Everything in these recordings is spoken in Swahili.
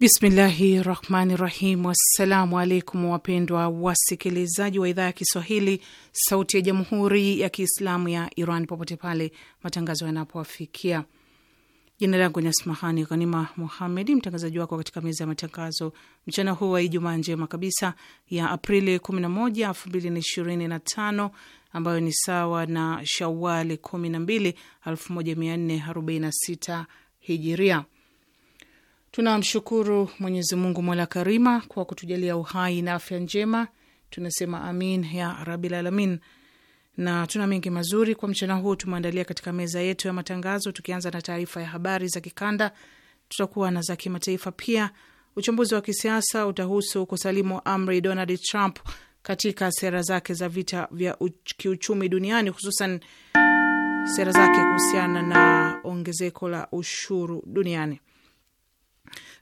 Bismillahi rahmani rahim. Wassalamu alaikum wapendwa wasikilizaji wa idhaa ya Kiswahili sauti ya jamhuri ya Kiislamu ya Iran popote pale matangazo yanapowafikia. Jina langu ni Asmahani Ghanima Muhamedi, mtangazaji wako katika meza ya matangazo mchana huu wa Ijumaa njema kabisa ya Aprili 11, 2025 ambayo ni sawa na Shawali 12, 1446 hijiria Tunamshukuru Mwenyezi Mungu mola karima kwa kutujalia uhai na afya njema, tunasema amin ya rabil alamin. Na tuna mengi mazuri kwa mchana huu tumeandalia katika meza yetu ya matangazo, tukianza na taarifa ya habari za kikanda. Tutakuwa na za kimataifa pia. Uchambuzi wa kisiasa utahusu kusalimu amri Donald Trump katika sera zake za vita vya kiuchumi duniani, hususan sera zake kuhusiana na ongezeko la ushuru duniani.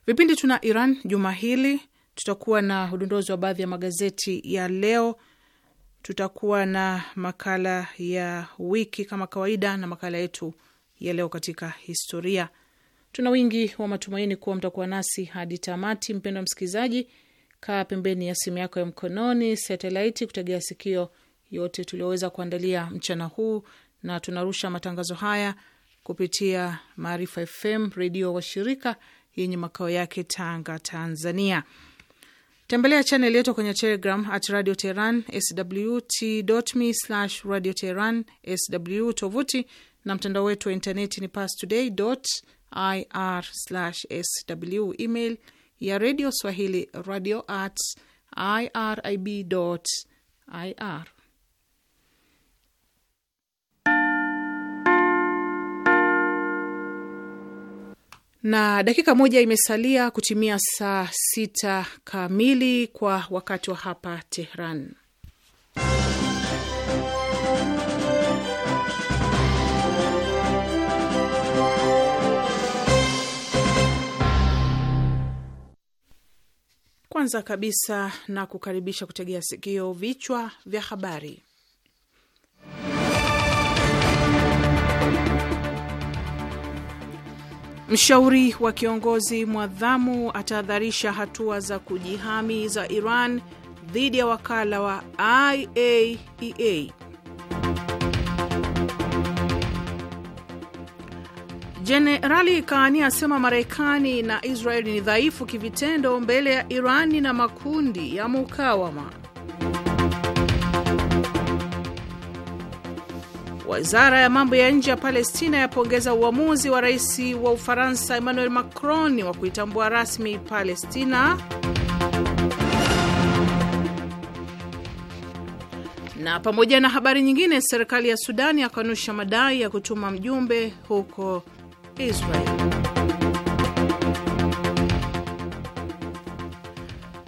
Vipindi tuna Iran juma hili, tutakuwa na udondozi wa baadhi ya magazeti ya leo, tutakuwa na makala ya wiki kama kawaida na makala yetu ya leo katika historia. Tuna wingi wa matumaini kuwa mtakuwa nasi hadi tamati. Mpendwa msikilizaji, kaa pembeni ya simu yako ya mkononi satelaiti, kutegea sikio yote tulioweza kuandalia mchana huu, na tunarusha matangazo haya kupitia Maarifa FM redio washirika yenye makao yake Tanga, Tanzania. Tembelea chaneli yetu kwenye Telegram at Radio Teheran swt slash Radio Teheran sw. Tovuti na mtandao wetu wa intaneti ni pastoday ir sw. Email ya redio swahili radio at irib ir na dakika moja imesalia kutimia saa sita kamili kwa wakati wa hapa Tehran. Kwanza kabisa na kukaribisha kutegea sikio vichwa vya habari. Mshauri wa kiongozi mwadhamu atahadharisha hatua za kujihami za Iran dhidi ya wakala wa IAEA. E Jenerali Kaani asema Marekani na Israeli ni dhaifu kivitendo mbele ya Irani na makundi ya mukawama. Wizara ya mambo ya nje ya Palestina yapongeza uamuzi wa rais wa Ufaransa Emmanuel Macron wa kuitambua rasmi Palestina. Na pamoja na habari nyingine, serikali ya Sudani yakanusha madai ya kutuma mjumbe huko Israel.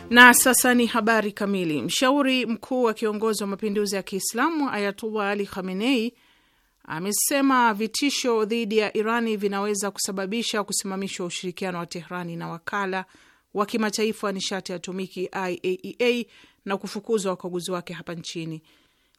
Na sasa ni habari kamili. Mshauri mkuu wa kiongozi wa mapinduzi ya Kiislamu Ayatullah Ali Khamenei amesema vitisho dhidi ya Irani vinaweza kusababisha kusimamishwa ushirikiano wa Tehrani na wakala wa kimataifa wa nishati ya atomiki IAEA e na kufukuzwa wakaguzi wake hapa nchini.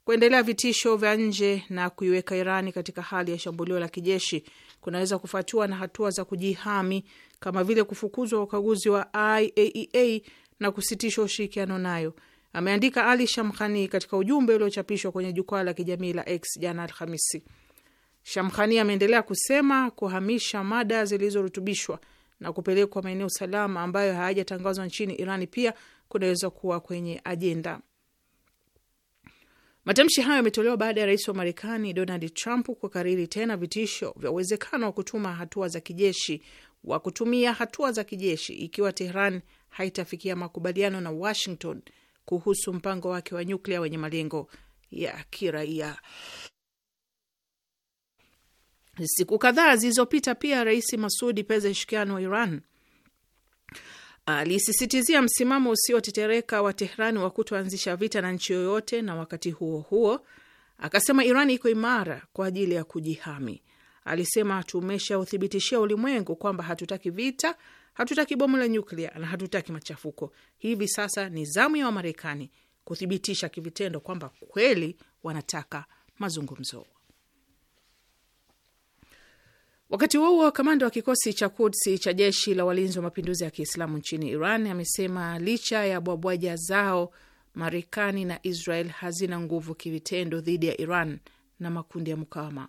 Kuendelea vitisho vya nje na kuiweka Irani katika hali ya shambulio la kijeshi kunaweza kufuatiwa na hatua za kujihami kama vile kufukuzwa wakaguzi wa IAEA e na kusitishwa ushirikiano nayo ameandika Ali Shamkhani katika ujumbe uliochapishwa kwenye jukwaa la kijamii la X jana Alhamisi. Shamkhani ameendelea kusema kuhamisha mada zilizorutubishwa na kupelekwa maeneo salama ambayo hayajatangazwa nchini Irani pia kunaweza kuwa kwenye ajenda. Matamshi hayo yametolewa baada ya rais wa Marekani Donald Trump kukariri tena vitisho vya uwezekano wa kutuma hatua za kijeshi wa kutumia hatua za kijeshi ikiwa Tehran haitafikia makubaliano na Washington kuhusu mpango wake wa nyuklia wenye malengo ya kiraia. Siku kadhaa zilizopita, pia Rais Masudi Pezeshkian wa Iran alisisitizia msimamo usiotetereka wa Tehrani wa kutoanzisha vita na nchi yoyote, na wakati huo huo akasema Iran iko imara kwa ajili ya kujihami. Alisema tumeshauthibitishia ulimwengu kwamba hatutaki vita hatutaki bomu la nyuklia na hatutaki machafuko. Hivi sasa ni zamu ya Wamarekani kuthibitisha kivitendo kwamba kweli wanataka mazungumzo. Wakati huo huo, kamanda wa kikosi cha Kudsi cha jeshi la walinzi wa mapinduzi ya Kiislamu nchini Iran amesema licha ya bwabwaja zao, Marekani na Israel hazina nguvu kivitendo dhidi ya Iran na makundi ya mukawama.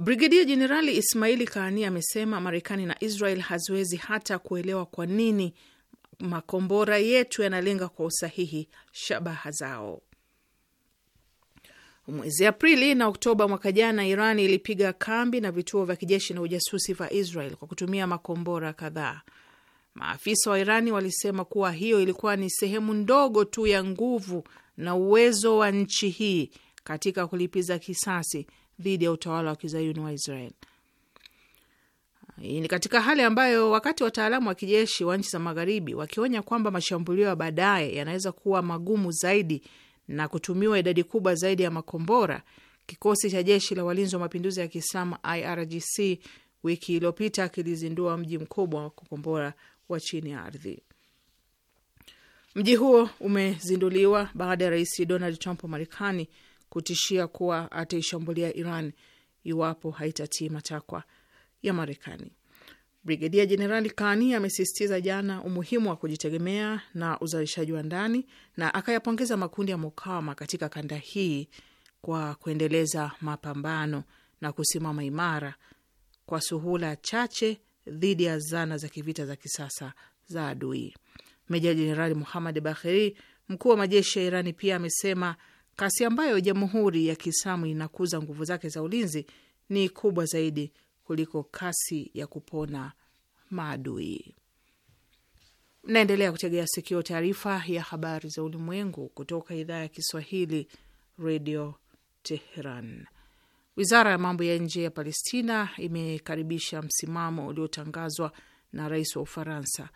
Brigedia Jenerali Ismaili Kaani amesema Marekani na Israel haziwezi hata kuelewa kwa nini makombora yetu yanalenga kwa usahihi shabaha zao. Mwezi Aprili na Oktoba mwaka jana, Iran ilipiga kambi na vituo vya kijeshi na ujasusi vya Israel kwa kutumia makombora kadhaa. Maafisa wa Irani walisema kuwa hiyo ilikuwa ni sehemu ndogo tu ya nguvu na uwezo wa nchi hii katika kulipiza kisasi dhidi ya utawala wa kizayuni wa Israel. Ah, hii ni katika hali ambayo wakati wataalamu wa kijeshi wa nchi za magharibi wakionya kwamba mashambulio ya baadaye yanaweza kuwa magumu zaidi na kutumiwa idadi kubwa zaidi ya makombora, kikosi cha jeshi la walinzi wa mapinduzi ya Kiislamu IRGC wiki iliyopita kilizindua mji mkubwa wa kukombora wa chini ya ardhi. Mji huo umezinduliwa baada ya Rais Donald Trump wa Marekani kutishia kuwa ataishambulia Iran iwapo haitatii matakwa ya Marekani. Brigedia Jenerali Kani amesisitiza jana umuhimu wa kujitegemea na uzalishaji wa ndani na akayapongeza makundi ya mukawama katika kanda hii kwa kuendeleza mapambano na kusimama imara kwa suhula chache dhidi ya zana za kivita za kisasa za adui. Meja Jenerali Muhamad Bakheri, mkuu wa majeshi ya Irani, pia amesema kasi ambayo Jamhuri ya Kiislamu inakuza nguvu zake za ulinzi ni kubwa zaidi kuliko kasi ya kupona maadui. Mnaendelea kutegea sikio taarifa ya habari za ulimwengu kutoka idhaa ya Kiswahili, Radio Teheran. Wizara ya mambo ya nje ya Palestina imekaribisha msimamo uliotangazwa na rais wa Ufaransa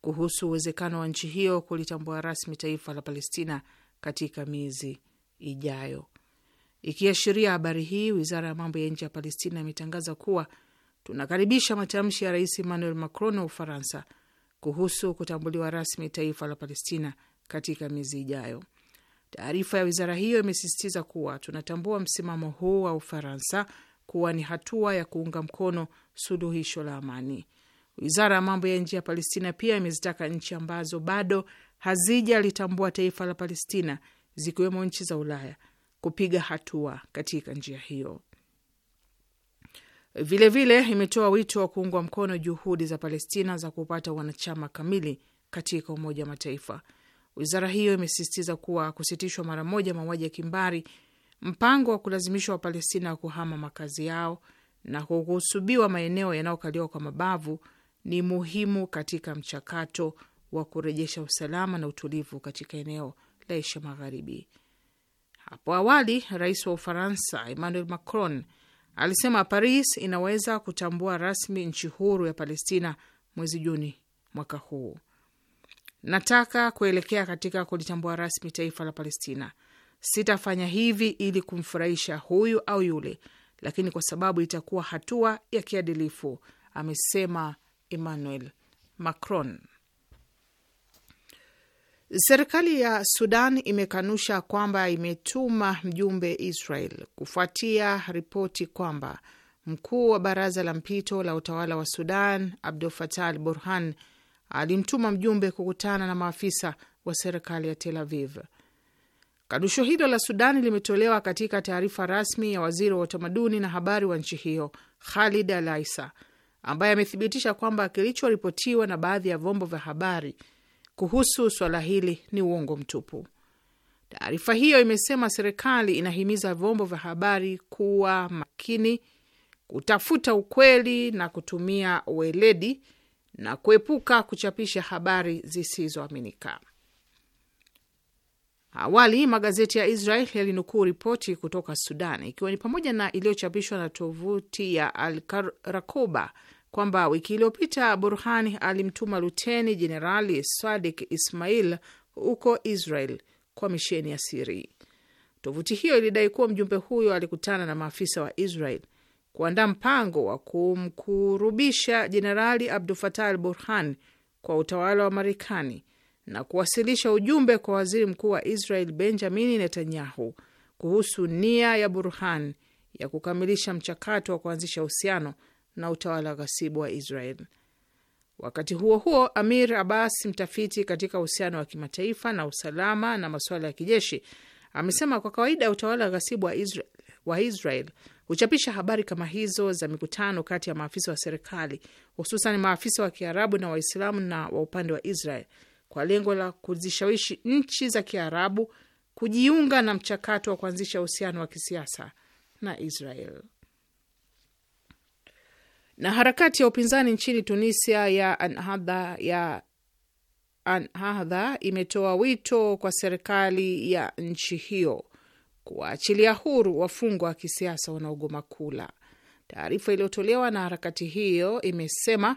kuhusu uwezekano wa nchi hiyo kulitambua rasmi taifa la Palestina katika miezi ijayo. Ikiashiria habari hii, wizara ya mambo ya nje ya Palestina imetangaza kuwa tunakaribisha matamshi ya Rais Emmanuel Macron wa Ufaransa kuhusu kutambuliwa rasmi taifa la Palestina katika miezi ijayo. Taarifa ya wizara hiyo imesisitiza kuwa tunatambua msimamo huu wa Ufaransa kuwa ni hatua ya kuunga mkono suluhisho la amani. Wizara ya mambo ya nje ya Palestina pia imezitaka nchi ambazo bado hazijalitambua taifa la Palestina zikiwemo nchi za Ulaya kupiga hatua katika njia hiyo. Vilevile imetoa wito wa kuungwa mkono juhudi za Palestina za kupata wanachama kamili katika Umoja wa Mataifa. Wizara hiyo imesisitiza kuwa kusitishwa mara moja mauaji ya kimbari, mpango wa kulazimishwa Wapalestina wa kuhama makazi yao na kuhusubiwa maeneo yanayokaliwa kwa mabavu ni muhimu katika mchakato wa kurejesha usalama na utulivu katika eneo la Asia Magharibi. Hapo awali rais wa Ufaransa Emmanuel Macron alisema Paris inaweza kutambua rasmi nchi huru ya Palestina mwezi Juni mwaka huu. Nataka kuelekea katika kulitambua rasmi taifa la Palestina. Sitafanya hivi ili kumfurahisha huyu au yule, lakini kwa sababu itakuwa hatua ya kiadilifu, amesema Emmanuel Macron. Serikali ya Sudan imekanusha kwamba imetuma mjumbe Israel kufuatia ripoti kwamba mkuu wa baraza la mpito la utawala wa Sudan Abdul Fatah al Burhan alimtuma mjumbe kukutana na maafisa wa serikali ya Tel Aviv. Kanusho hilo la Sudani limetolewa katika taarifa rasmi ya waziri wa utamaduni na habari wa nchi hiyo Khalid Alaisa, ambaye amethibitisha kwamba kilichoripotiwa na baadhi ya vyombo vya habari kuhusu swala hili ni uongo mtupu. Taarifa hiyo imesema serikali inahimiza vyombo vya habari kuwa makini, kutafuta ukweli na kutumia weledi na kuepuka kuchapisha habari zisizoaminika. Awali magazeti ya Israel yalinukuu ripoti kutoka Sudan, ikiwa ni pamoja na iliyochapishwa na tovuti ya Al Rakoba kwamba wiki iliyopita Burhani alimtuma luteni jenerali Sadik Ismail huko Israel kwa misheni ya siri. Tovuti hiyo ilidai kuwa mjumbe huyo alikutana na maafisa wa Israel kuandaa mpango wa kumkurubisha jenerali Abdul Fatah al Burhan kwa utawala wa Marekani na kuwasilisha ujumbe kwa waziri mkuu wa Israel Benjamini Netanyahu kuhusu nia ya Burhan ya kukamilisha mchakato wa kuanzisha uhusiano na utawala ghasibu wa Israel. Wakati huo huo, Amir Abbas, mtafiti katika uhusiano wa kimataifa na usalama na masuala ya kijeshi, amesema kwa kawaida utawala ghasibu wa Israel, wa Israel huchapisha habari kama hizo za mikutano kati ya maafisa wa serikali, hususan maafisa wa Kiarabu na Waislamu na wa upande wa Israel kwa lengo la kuzishawishi nchi za Kiarabu kujiunga na mchakato wa kuanzisha uhusiano wa kisiasa na Israel na harakati ya upinzani nchini Tunisia ya Anhadha ya Anhadha imetoa wito kwa serikali ya nchi hiyo kuwaachilia huru wafungwa wa kisiasa wanaogoma kula. Taarifa iliyotolewa na harakati hiyo imesema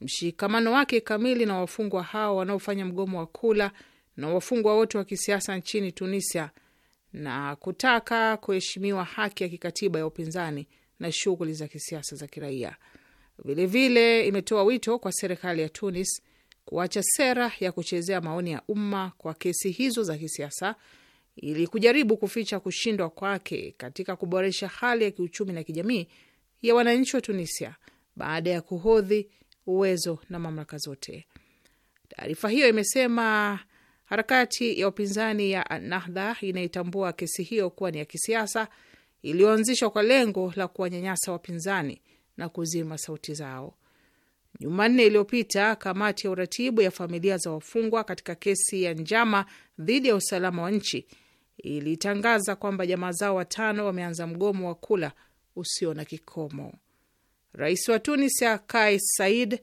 mshikamano wake kamili na wafungwa hao wanaofanya mgomo wa kula na wafungwa wote wa kisiasa nchini Tunisia na kutaka kuheshimiwa haki ya kikatiba ya upinzani na shughuli za kisiasa za kiraia. Vilevile imetoa wito kwa serikali ya Tunis kuacha sera ya kuchezea maoni ya umma kwa kesi hizo za kisiasa ili kujaribu kuficha kushindwa kwake katika kuboresha hali ya kiuchumi na kijamii ya wananchi wa Tunisia baada ya kuhodhi uwezo na mamlaka zote. Taarifa hiyo imesema harakati ya upinzani ya Nahdha inaitambua kesi hiyo kuwa ni ya kisiasa iliyoanzishwa kwa lengo la kuwanyanyasa wapinzani na kuzima sauti zao. Jumanne iliyopita kamati ya uratibu ya familia za wafungwa katika kesi ya njama dhidi ya usalama wa nchi ilitangaza kwamba jamaa zao watano wameanza mgomo wa kula usio na kikomo. Rais wa Tunisia Kais said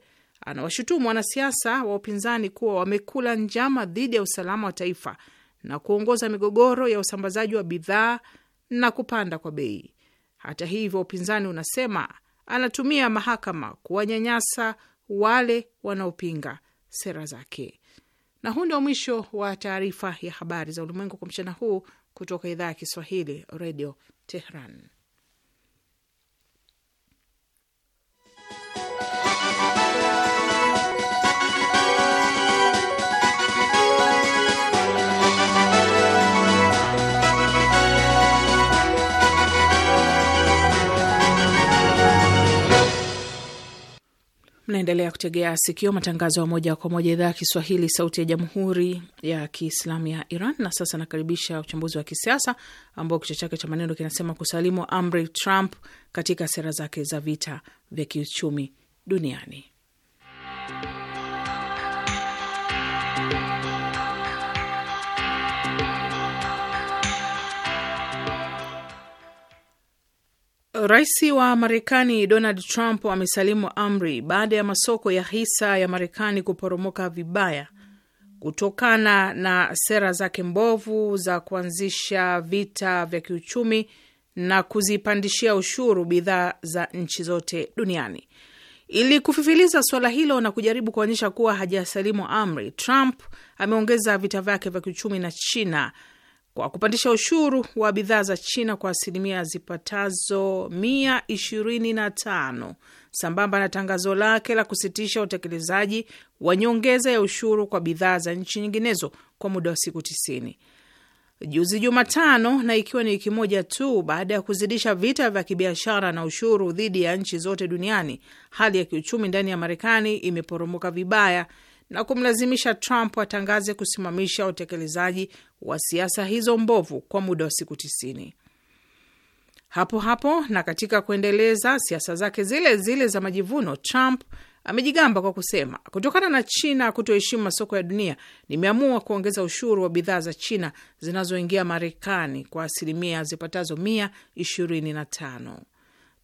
anawashutumu wanasiasa wa upinzani kuwa wamekula njama dhidi ya usalama wa taifa na kuongoza migogoro ya usambazaji wa bidhaa na kupanda kwa bei. Hata hivyo, upinzani unasema anatumia mahakama kuwanyanyasa wale wanaopinga sera zake. Na huu ndio mwisho wa taarifa ya habari za ulimwengu kwa mchana huu kutoka idhaa ya Kiswahili, Redio Tehran. Mnaendelea kutegea sikio matangazo ya moja kwa moja idhaa ya Kiswahili, sauti ya jamhuri ya kiislamu ya Iran. Na sasa nakaribisha uchambuzi wa kisiasa ambao kichwa chake cha maneno kinasema kusalimu amri Trump katika sera zake za vita vya kiuchumi duniani. Rais wa Marekani Donald Trump amesalimu amri baada ya masoko ya hisa ya Marekani kuporomoka vibaya kutokana na sera zake mbovu za kuanzisha vita vya kiuchumi na kuzipandishia ushuru bidhaa za nchi zote duniani. Ili kufifiliza suala hilo na kujaribu kuonyesha kuwa hajasalimu amri, Trump ameongeza vita vyake vya kiuchumi na China kwa kupandisha ushuru wa bidhaa za China kwa asilimia zipatazo mia ishirini na tano sambamba na tangazo lake la kusitisha utekelezaji wa nyongeza ya ushuru kwa bidhaa za nchi nyinginezo kwa muda wa siku tisini juzi Jumatano, na ikiwa ni wiki moja tu baada ya kuzidisha vita vya kibiashara na ushuru dhidi ya nchi zote duniani, hali ya kiuchumi ndani ya Marekani imeporomoka vibaya na kumlazimisha Trump atangaze kusimamisha utekelezaji wa siasa hizo mbovu kwa muda wa siku tisini. Hapo hapo na katika kuendeleza siasa zake zile zile za majivuno, Trump amejigamba kwa kusema, kutokana na China kutoheshimu masoko ya dunia, nimeamua kuongeza ushuru wa bidhaa za China zinazoingia Marekani kwa asilimia zipatazo mia ishirini na tano.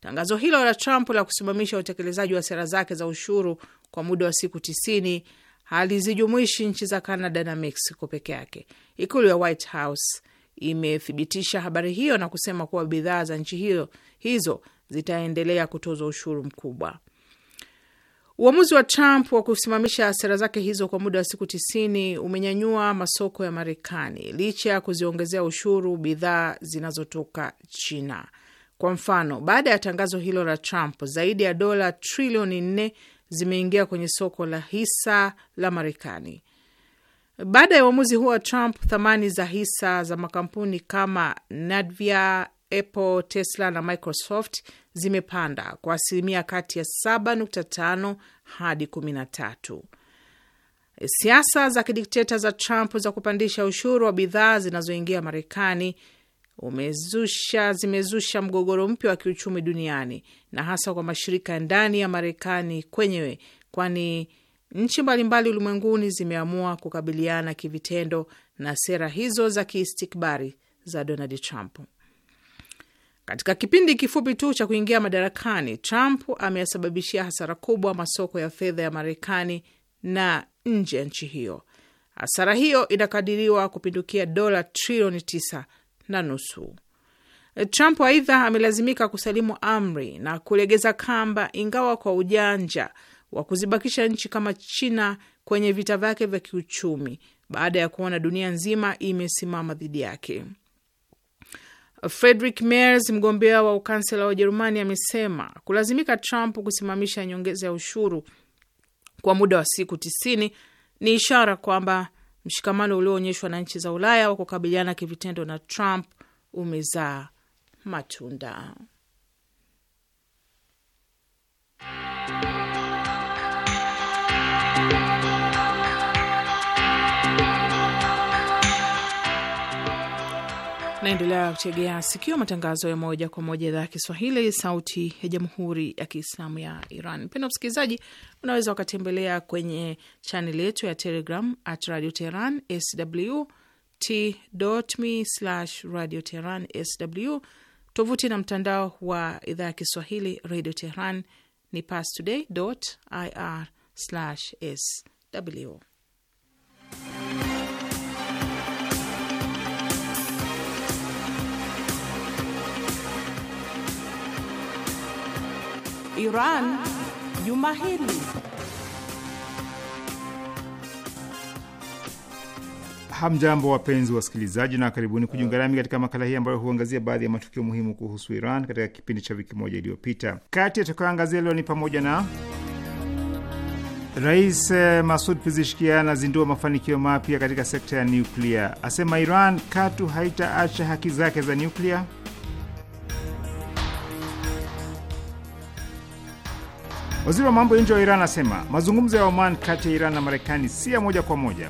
Tangazo hilo la Trump la kusimamisha utekelezaji wa sera zake za ushuru kwa muda wa siku tisini halizijumuishi nchi za Canada na Mexico peke yake. Ikulu ya White House imethibitisha habari hiyo na kusema kuwa bidhaa za nchi hiyo hizo zitaendelea kutozwa ushuru mkubwa. Uamuzi wa Trump wa kusimamisha sera zake hizo kwa muda wa siku tisini umenyanyua masoko ya Marekani licha ya kuziongezea ushuru bidhaa zinazotoka China. Kwa mfano, baada ya tangazo hilo la Trump, zaidi ya dola trilioni nne zimeingia kwenye soko la hisa la Marekani. Baada ya uamuzi huo wa Trump, thamani za hisa za makampuni kama Nvidia, Apple, Tesla na Microsoft zimepanda kwa asilimia kati ya 7.5 hadi 13. Siasa za kidikteta za Trump za kupandisha ushuru wa bidhaa zinazoingia Marekani umezusha zimezusha mgogoro mpya wa kiuchumi duniani na hasa kwa mashirika ndani ya Marekani kwenyewe, kwani nchi mbalimbali ulimwenguni zimeamua kukabiliana kivitendo na sera hizo za kiistikbari za Donald Trump. Katika kipindi kifupi tu cha kuingia madarakani, Trump ameyasababishia hasara kubwa masoko ya fedha ya Marekani na nje ya nchi hiyo. Hasara hiyo inakadiriwa kupindukia dola trilioni tisa na nusu. Trump aidha amelazimika kusalimu amri na kulegeza kamba, ingawa kwa ujanja wa kuzibakisha nchi kama China kwenye vita vyake vya kiuchumi baada ya kuona dunia nzima imesimama dhidi yake. frederick Merz, mgombea wa ukansela wa Ujerumani, amesema kulazimika Trump kusimamisha nyongeza ya ushuru kwa muda wa siku tisini ni ishara kwamba Mshikamano ulioonyeshwa na nchi za Ulaya wa kukabiliana kivitendo na Trump umezaa matunda. Naendelea kutegea sikio matangazo ya moja kwa moja idhaa ya Kiswahili, sauti ya jamhuri ya kiislamu ya Iran. Mpendwa msikilizaji, unaweza ukatembelea kwenye chaneli yetu ya Telegram at Radio Teheran sw t.me radio Teheran sw. Tovuti na mtandao wa idhaa ya Kiswahili Radio Teheran ni pastoday ir sw Iran juma hili. Hamjambo, wapenzi wasikilizaji, na karibuni kujiunga nami katika makala hii ambayo huangazia baadhi ya matukio muhimu kuhusu Iran katika kipindi cha wiki moja iliyopita. Kati yatakayoangazia leo ni pamoja na Rais eh, Masud Pizishkia anazindua mafanikio mapya katika sekta ya nuklia asema Iran katu haitaacha haki zake za nuklia Waziri wa mambo ya nje wa Iran anasema mazungumzo ya Oman kati ya Iran na Marekani si ya moja kwa moja.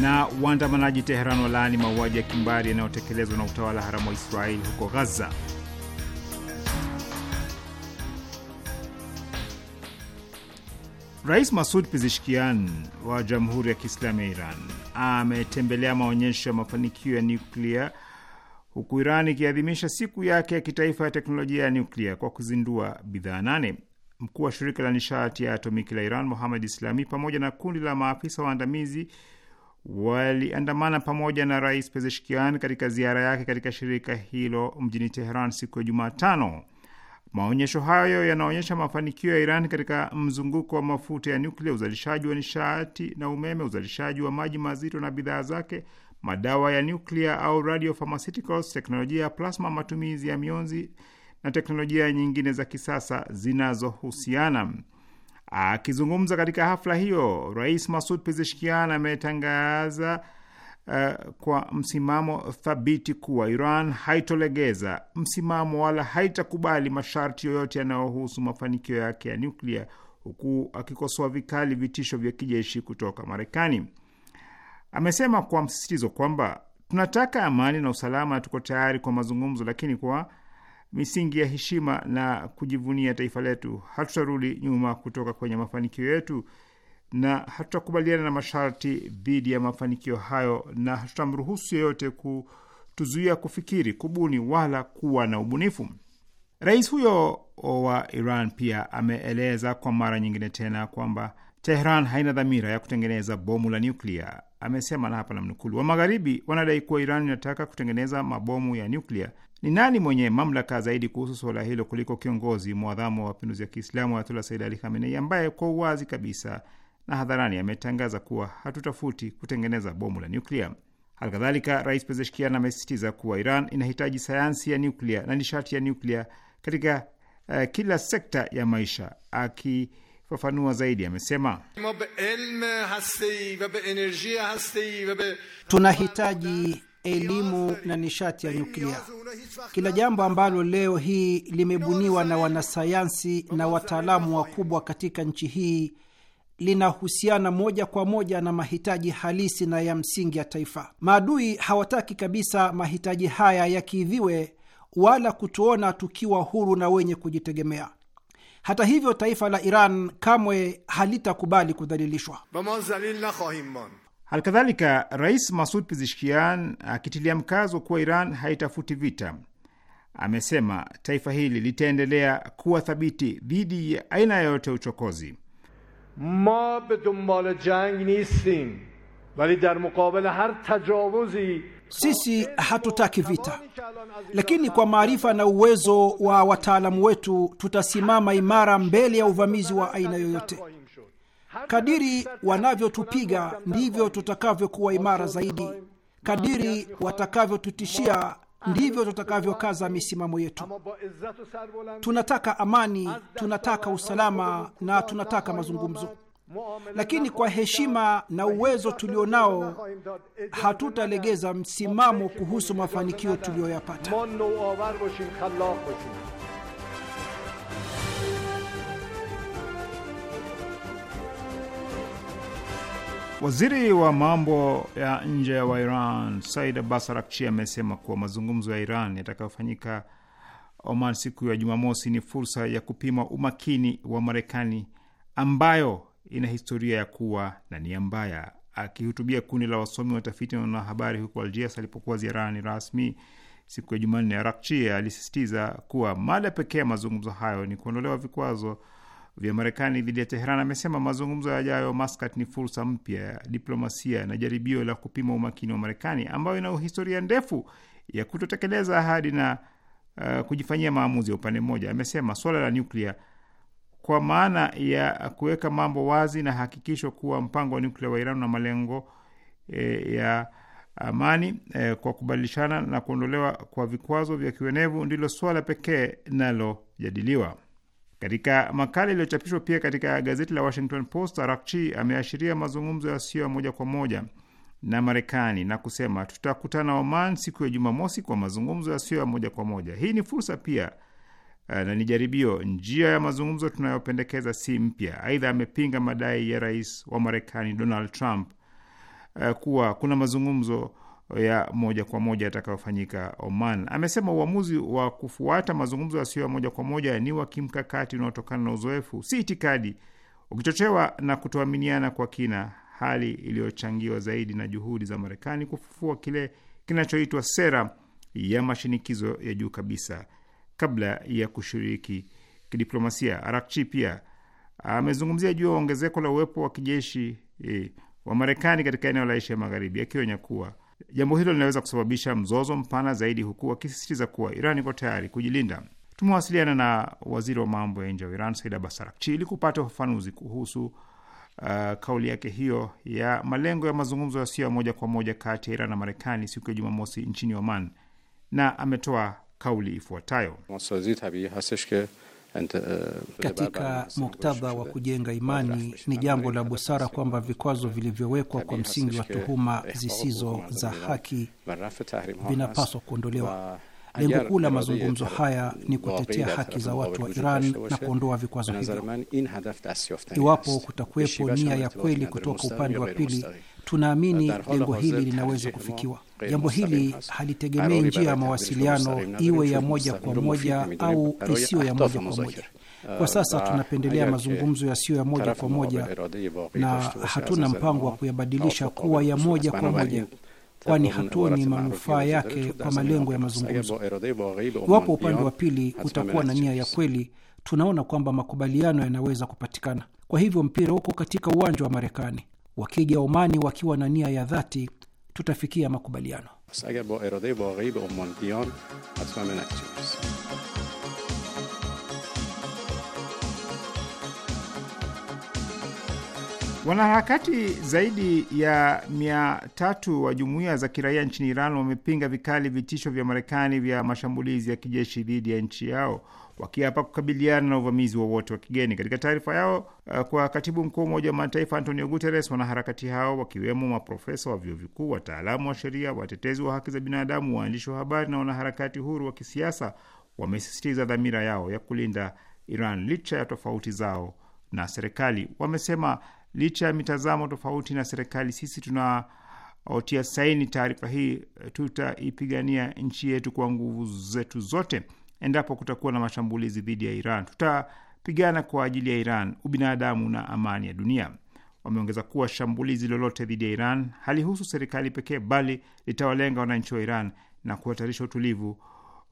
Na waandamanaji Teheran walaani mauaji ya kimbari yanayotekelezwa na utawala haramu wa Israeli huko Gaza. Rais Masud pizishkian wa Jamhuri ya Kiislamu ya Iran ametembelea maonyesho ya mafanikio ya nuklia huku Iran ikiadhimisha siku yake ya kitaifa ya teknolojia ya nuklia kwa kuzindua bidhaa nane. Mkuu wa shirika la nishati ya atomiki la Iran Mohamed Islami pamoja na kundi la maafisa waandamizi waliandamana pamoja na Rais Pezeshkian katika ziara yake katika shirika hilo mjini Teheran siku ya Jumatano. Maonyesho hayo yanaonyesha mafanikio ya Iran katika mzunguko wa mafuta ya nuklia, uzalishaji wa nishati na umeme, uzalishaji wa maji mazito na bidhaa zake madawa ya nuklia au radiopharmaceuticals, teknolojia ya plasma, matumizi ya mionzi na teknolojia nyingine za kisasa zinazohusiana. Akizungumza katika hafla hiyo, Rais Masud Pezeshkian ametangaza uh, kwa msimamo thabiti kuwa Iran haitolegeza msimamo wala haitakubali masharti yoyote yanayohusu mafanikio yake ya nuklia, huku akikosoa vikali vitisho vya kijeshi kutoka Marekani. Amesema kwa msisitizo kwamba tunataka amani na usalama, tuko tayari kwa mazungumzo, lakini kwa misingi ya heshima na kujivunia taifa letu. Hatutarudi nyuma kutoka kwenye mafanikio yetu na hatutakubaliana na masharti dhidi ya mafanikio hayo, na hatutamruhusu yeyote kutuzuia kufikiri, kubuni wala kuwa na ubunifu. Rais huyo wa Iran pia ameeleza kwa mara nyingine tena kwamba Tehran haina dhamira ya kutengeneza bomu la nyuklia amesema, na hapa namnukulu, wa magharibi wanadai kuwa Iran inataka kutengeneza mabomu ya nyuklia. Ni nani mwenye mamlaka zaidi kuhusu suala hilo kuliko kiongozi mwadhamu wa mapinduzi ya Kiislamu Ayatullah Said Ali Khamenei, ambaye kwa uwazi kabisa na hadharani ametangaza kuwa hatutafuti kutengeneza bomu la nyuklia. Halikadhalika, Rais Pezeshkian amesisitiza kuwa Iran inahitaji sayansi ya nyuklia na nishati ya nyuklia katika uh, kila sekta ya maisha aki Fafanua zaidi amesema, tunahitaji elimu na nishati ya nyuklia. Kila jambo ambalo leo hii limebuniwa na wanasayansi na wataalamu wakubwa katika nchi hii linahusiana moja kwa moja na mahitaji halisi na ya msingi ya taifa. Maadui hawataki kabisa mahitaji haya yakidhiwe, wala kutuona tukiwa huru na wenye kujitegemea. Hata hivyo, taifa la Iran kamwe halitakubali kudhalilishwa. Halikadhalika, Rais Masud Pizishkian akitilia mkazo kuwa Iran haitafuti vita, amesema taifa hili litaendelea kuwa thabiti dhidi ya aina yoyote ya uchokozi. ma be jang nistim wali dar mukabale har tajawuzi sisi hatutaki vita, lakini kwa maarifa na uwezo wa wataalamu wetu tutasimama imara mbele ya uvamizi wa aina yoyote. Kadiri wanavyotupiga ndivyo tutakavyokuwa imara zaidi. Kadiri watakavyotutishia ndivyo tutakavyokaza misimamo yetu. Tunataka amani, tunataka usalama na tunataka mazungumzo lakini kwa heshima na uwezo tulio nao hatutalegeza msimamo kuhusu mafanikio tuliyoyapata. Waziri wa mambo ya nje wa Iran Said Abbas Arakchi amesema kuwa mazungumzo ya Iran yatakayofanyika Oman siku ya Jumamosi ni fursa ya kupima umakini wa Marekani ambayo ina historia ya kuwa na nia mbaya. Akihutubia kundi la wasomi, watafiti na wanahabari huko Algiers alipokuwa ziarani rasmi siku ya Jumanne, Arakchi alisisitiza kuwa mada pekee ya mazungumzo hayo ni kuondolewa vikwazo vya Marekani dhidi ya Teheran. Amesema mazungumzo yajayo Maskat ni fursa mpya ya diplomasia na jaribio la kupima umakini wa Marekani ambayo ina historia ndefu ya kutotekeleza ahadi na uh, kujifanyia maamuzi ya upande mmoja. Amesema suala la nyuklia kwa maana ya kuweka mambo wazi na hakikisho kuwa mpango wa nyuklia wa Iran na malengo e, ya amani e, kwa kubadilishana na kuondolewa kwa vikwazo vya kiwenevu ndilo suala pekee linalojadiliwa. Katika makala iliyochapishwa pia katika gazeti la Washington Post, Arakchi ameashiria mazungumzo yasiyo ya moja kwa moja na Marekani na kusema tutakutana Oman siku ya Jumamosi kwa mazungumzo yasiyo ya moja kwa moja. Hii ni fursa pia Eh, na ni jaribio. Njia ya mazungumzo tunayopendekeza si mpya. Aidha, amepinga madai ya rais wa Marekani Donald Trump eh, kuwa kuna mazungumzo eh, ya moja kwa moja yatakayofanyika Oman. Amesema uamuzi wa kufuata mazungumzo yasiyo ya moja kwa moja ni wa kimkakati unaotokana na uzoefu, si itikadi, ukichochewa na kutoaminiana kwa kina, hali iliyochangiwa zaidi na juhudi za Marekani kufufua kile kinachoitwa sera ya mashinikizo ya juu kabisa kabla ya kushiriki kidiplomasia. Arakchi pia amezungumzia juu ya ongezeko la uwepo wa kijeshi e, wa Marekani katika eneo la Asia Magharibi, akionya kuwa jambo hilo linaweza kusababisha mzozo mpana zaidi, huku akisisitiza kuwa Iran iko tayari kujilinda. Tumewasiliana na waziri wa mambo ya nje wa Iran Said Abbas Arakchi ili kupata ufafanuzi kuhusu uh, kauli yake hiyo ya malengo ya mazungumzo yasiyo ya moja kwa moja kati ya Iran na Marekani siku ya Jumamosi nchini Oman, na ametoa kauli ifuatayo: katika muktadha wa kujenga imani, ni jambo la busara kwamba vikwazo vilivyowekwa kwa msingi wa tuhuma zisizo za haki vinapaswa kuondolewa. Lengo kuu la mazungumzo haya ni kutetea haki za watu wa Iran na kuondoa vikwazo hivyo. Iwapo kutakuwepo nia ya kweli kutoka upande wa pili Tunaamini lengo hili linaweza kufikiwa. Jambo hili halitegemei njia ya mawasiliano iwe ya moja kwa moja au isiyo ya moja kwa moja. Kwa sasa ah, tunapendelea mazungumzo yasiyo ya moja kwa moja, na hatuna mpango wa kuyabadilisha kuwa ya moja kwa moja kwani hatuoni manufaa yake kwa malengo ya mazungumzo. Iwapo upande wa pili utakuwa na nia ya kweli, tunaona kwamba makubaliano yanaweza kupatikana. Kwa hivyo mpira uko katika uwanja wa Marekani. Wakija Omani wakiwa na nia ya dhati, tutafikia makubaliano. Wanaharakati zaidi ya mia tatu wa jumuiya za kiraia nchini Iran wamepinga vikali vitisho vya Marekani vya mashambulizi ya kijeshi dhidi ya nchi yao wakiapa kukabiliana na uvamizi wowote wa, wa kigeni. Katika taarifa yao uh, kwa katibu mkuu Umoja wa Mataifa Antonio Guterres, wanaharakati hao wakiwemo maprofesa wa vyuo vikuu, wataalamu wa sheria, watetezi wa haki za binadamu, waandishi wa habari na wanaharakati huru wa kisiasa wamesisitiza dhamira yao ya kulinda Iran licha ya tofauti zao na serikali. Wamesema licha ya mitazamo tofauti na serikali, sisi tunaotia saini taarifa hii eh, tutaipigania nchi yetu kwa nguvu zetu zote endapo kutakuwa na mashambulizi dhidi ya Iran. Tutapigana kwa ajili ya Iran, ubinadamu na amani ya dunia. Wameongeza kuwa shambulizi lolote dhidi ya Iran halihusu serikali pekee, bali litawalenga wananchi wa Iran na kuhatarisha utulivu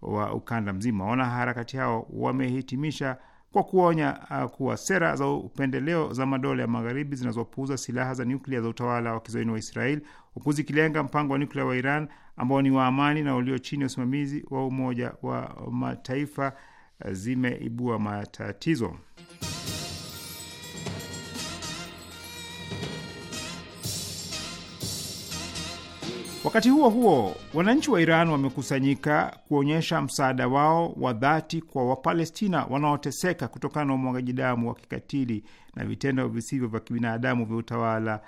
wa ukanda mzima. Wanaharakati hao wamehitimisha kwa kuonya uh, kuwa sera za upendeleo za madola ya magharibi zinazopuuza silaha za nyuklia za utawala wa kizayuni wa Israel, huku zikilenga mpango wa nyuklia wa Iran, ambao ni wa amani na ulio chini ya usimamizi wa Umoja wa Mataifa eh, zimeibua matatizo. Wakati huo huo, wananchi wa Iran wamekusanyika kuonyesha msaada wao wa dhati kwa Wapalestina wanaoteseka kutokana na umwagaji damu wa kikatili na vitendo visivyo vya kibinadamu vya utawala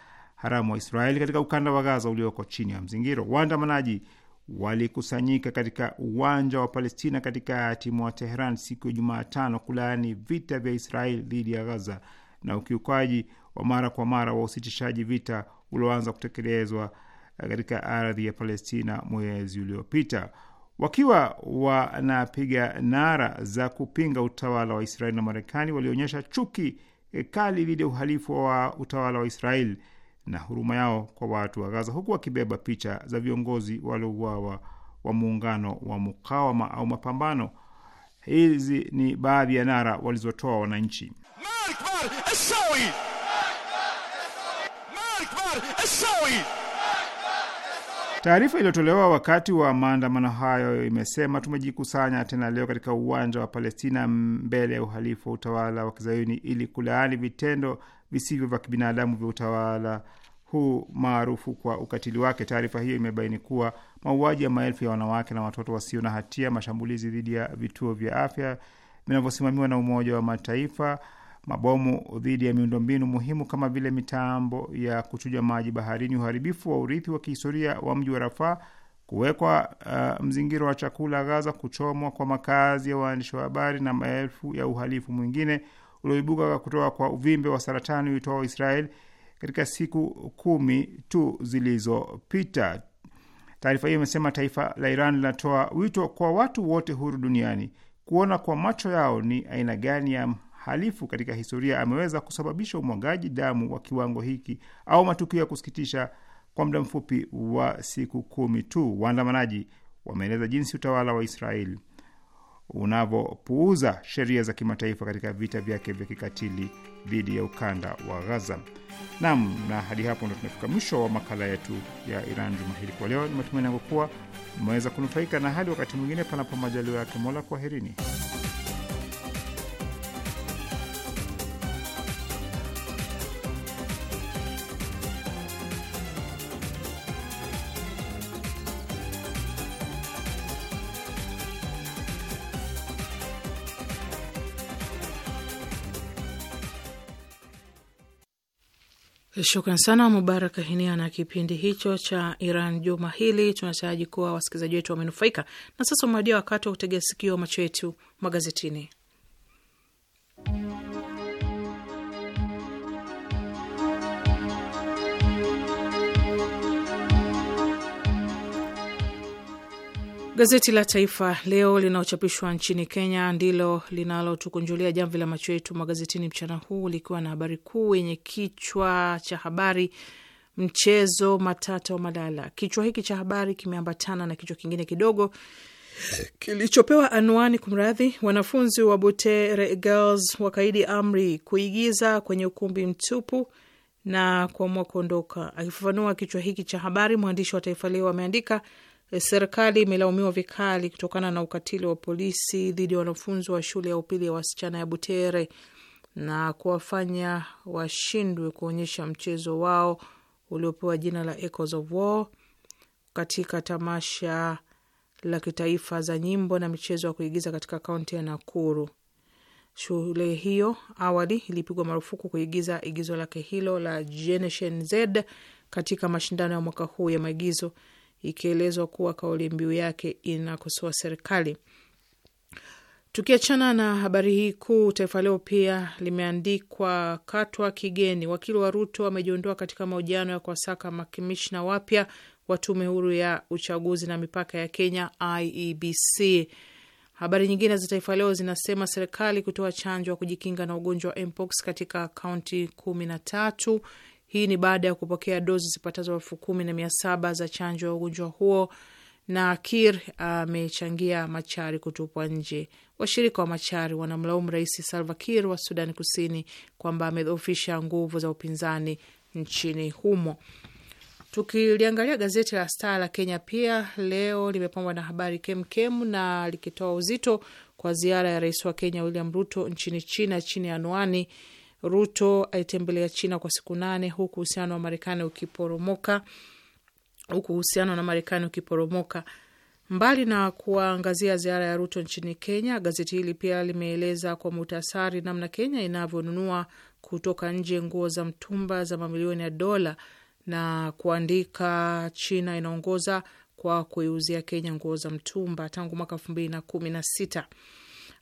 haramu wa Israeli katika ukanda wa Gaza ulioko chini ya mzingiro. Waandamanaji walikusanyika katika uwanja wa Palestina katika timu wa Teheran siku ya Jumatano kulaani vita vya Israeli dhidi ya Gaza na ukiukaji wa mara kwa mara wa usitishaji vita ulioanza kutekelezwa katika ardhi ya Palestina mwezi uliopita. Wakiwa wanapiga nara za kupinga utawala wa Israeli na Marekani, walionyesha chuki kali dhidi ya uhalifu wa utawala wa Israeli na huruma yao kwa watu wa Gaza, huku wakibeba picha za viongozi waliouawa wa muungano wa mukawama au mapambano. Hizi ni baadhi ya nara walizotoa wananchi. Taarifa iliyotolewa wakati wa maandamano hayo imesema tumejikusanya tena leo katika uwanja wa Palestina mbele ya uhalifu wa utawala wa kizayuni ili kulaani vitendo visivyo vya kibinadamu vya utawala huu maarufu kwa ukatili wake. Taarifa hiyo imebaini kuwa mauaji ya maelfu ya wanawake na watoto wasio na hatia, mashambulizi dhidi ya vituo vya afya vinavyosimamiwa na Umoja wa Mataifa mabomu dhidi ya miundombinu muhimu kama vile mitambo ya kuchuja maji baharini, uharibifu wa urithi wa kihistoria wa mji wa Rafaa, kuwekwa uh, mzingiro wa chakula Gaza, kuchomwa kwa makazi ya waandishi wa habari na maelfu ya uhalifu mwingine ulioibuka kutoka kwa uvimbe wa saratani uitoa Israel katika siku kumi tu zilizopita. Taarifa hiyo imesema taifa la Iran linatoa wito kwa watu wote huru duniani kuona kwa macho yao ni aina gani ya halifu katika historia ameweza kusababisha umwagaji damu wa kiwango hiki au matukio ya kusikitisha kwa muda mfupi wa siku kumi tu. Waandamanaji wameeleza jinsi utawala wa Israeli unavyopuuza sheria za kimataifa katika vita vyake vya kikatili dhidi ya ukanda wa Gaza. Naam, na hadi hapo ndo tunafika mwisho wa makala yetu ya Iran juma hili kwa leo. Ni matumaini yangu kuwa mmeweza kunufaika, na hadi wakati mwingine, panapo majaliwa yake Mola, kwaherini. Shukran sana Mubaraka Hinia na kipindi hicho cha Iran juma hili. Tunataraji kuwa wasikilizaji wetu wamenufaika. Na sasa umewadia wakati wa kutegea sikio macho yetu magazetini. Gazeti la Taifa Leo linaochapishwa nchini Kenya ndilo linalotukunjulia jamvi la macho yetu magazetini mchana huu likiwa na habari kuu yenye kichwa cha habari mchezo matata wa Malala. Kichwa hiki cha habari kimeambatana na kichwa kingine kidogo kilichopewa anwani, kumradhi, wanafunzi wa Butere Girls wakaidi amri kuigiza kwenye ukumbi mtupu na kuamua kuondoka. Akifafanua kichwa hiki cha habari, mwandishi wa Taifa Leo ameandika Eh, serikali imelaumiwa vikali kutokana na ukatili wa polisi dhidi ya wanafunzi wa shule ya upili ya wasichana ya Butere na kuwafanya washindwe kuonyesha mchezo wao uliopewa jina la Echoes of War katika tamasha la kitaifa za nyimbo na michezo ya kuigiza katika kaunti ya Nakuru. Shule hiyo awali ilipigwa marufuku kuigiza igizo lake hilo la Generation Z katika mashindano ya mwaka huu ya maigizo ikielezwa kuwa kauli mbiu yake inakosoa serikali. Tukiachana na habari hii kuu, Taifa Leo pia limeandikwa katwa kigeni, wakili wa Ruto amejiondoa katika mahojiano ya kuwasaka makimishna wapya wa tume huru ya uchaguzi na mipaka ya Kenya, IEBC. Habari nyingine za Taifa Leo zinasema serikali kutoa chanjo ya kujikinga na ugonjwa wa mpox katika kaunti kumi na tatu. Hii ni baada ya kupokea dozi zipatazo elfu kumi na mia saba za chanjo ya ugonjwa huo. Na Kir ah, amechangia Machari kutupwa nje. Washirika wa Machari wanamlaumu Rais Salva Kir wa Sudani Kusini kwamba amedhoofisha nguvu za upinzani nchini humo. Tukiliangalia gazeti la Star la Kenya pia leo limepambwa na habari kemkem na likitoa uzito kwa ziara ya rais wa Kenya William Ruto nchini China chini ya anwani Ruto aitembelea China kwa siku nane huku uhusiano wa Marekani ukiporomoka huku uhusiano na Marekani ukiporomoka. Mbali na kuangazia ziara ya Ruto nchini Kenya, gazeti hili pia limeeleza kwa muhtasari namna Kenya inavyonunua kutoka nje nguo za mtumba za mamilioni ya dola na kuandika, China inaongoza kwa kuiuzia Kenya nguo za mtumba tangu mwaka elfu mbili na kumi na sita.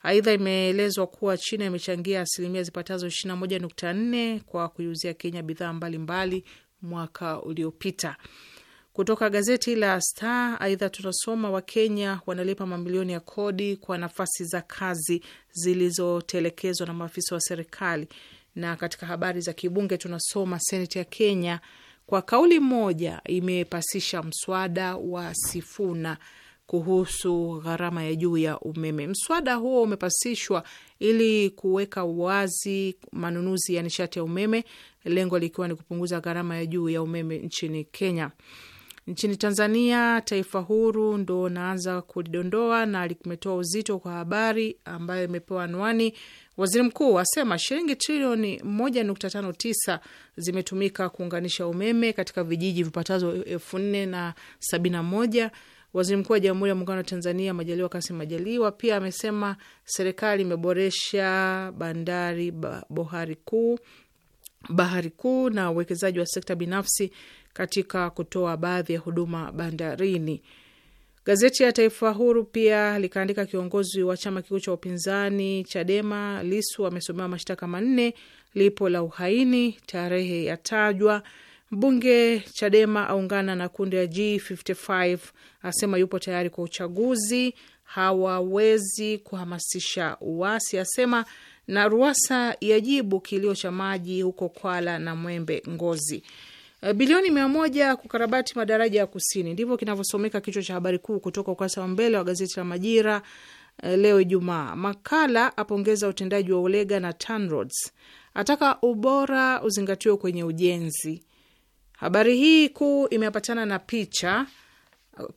Aidha, imeelezwa kuwa China imechangia asilimia zipatazo 21.4 kwa kuiuzia Kenya bidhaa mbalimbali mwaka uliopita. Kutoka gazeti la Star aidha, tunasoma Wakenya wanalipa mamilioni ya kodi kwa nafasi za kazi zilizotelekezwa na maafisa wa serikali. Na katika habari za kibunge tunasoma seneti ya Kenya kwa kauli moja imepasisha mswada wa Sifuna kuhusu gharama ya juu ya umeme. Mswada huo umepasishwa ili kuweka wazi manunuzi ya nishati ya umeme, lengo likiwa ni kupunguza gharama ya juu ya umeme nchini Kenya. Nchini Tanzania, Taifa Huru ndo naanza kulidondoa na limetoa uzito kwa habari ambayo imepewa anwani, waziri mkuu asema shilingi trilioni 1.59 zimetumika kuunganisha umeme katika vijiji vipatazo elfu nne na sabini na moja Waziri Mkuu wa Jamhuri ya Muungano wa Tanzania Majaliwa Kasim Majaliwa pia amesema serikali imeboresha bandari bohari kuu bahari kuu na uwekezaji wa sekta binafsi katika kutoa baadhi ya huduma bandarini. Gazeti ya Taifa Huru pia likaandika kiongozi wa chama kikuu cha upinzani Chadema Lisu amesomewa mashtaka manne, lipo la uhaini, tarehe yatajwa, Mbunge Chadema aungana na kundi ya G55, asema yupo tayari kwa uchaguzi, hawawezi kuhamasisha uasi, asema na Ruasa yajibu kilio cha maji huko Kwala na Mwembe Ngozi. E, bilioni mia moja kukarabati madaraja ya kusini, ndivyo kinavyosomeka kichwa cha habari kuu kutoka ukurasa wa mbele wa gazeti la Majira e, leo Ijumaa. Makala apongeza utendaji wa Ulega na TANROADS, ataka ubora uzingatiwe kwenye ujenzi. Habari hii kuu imepatana na picha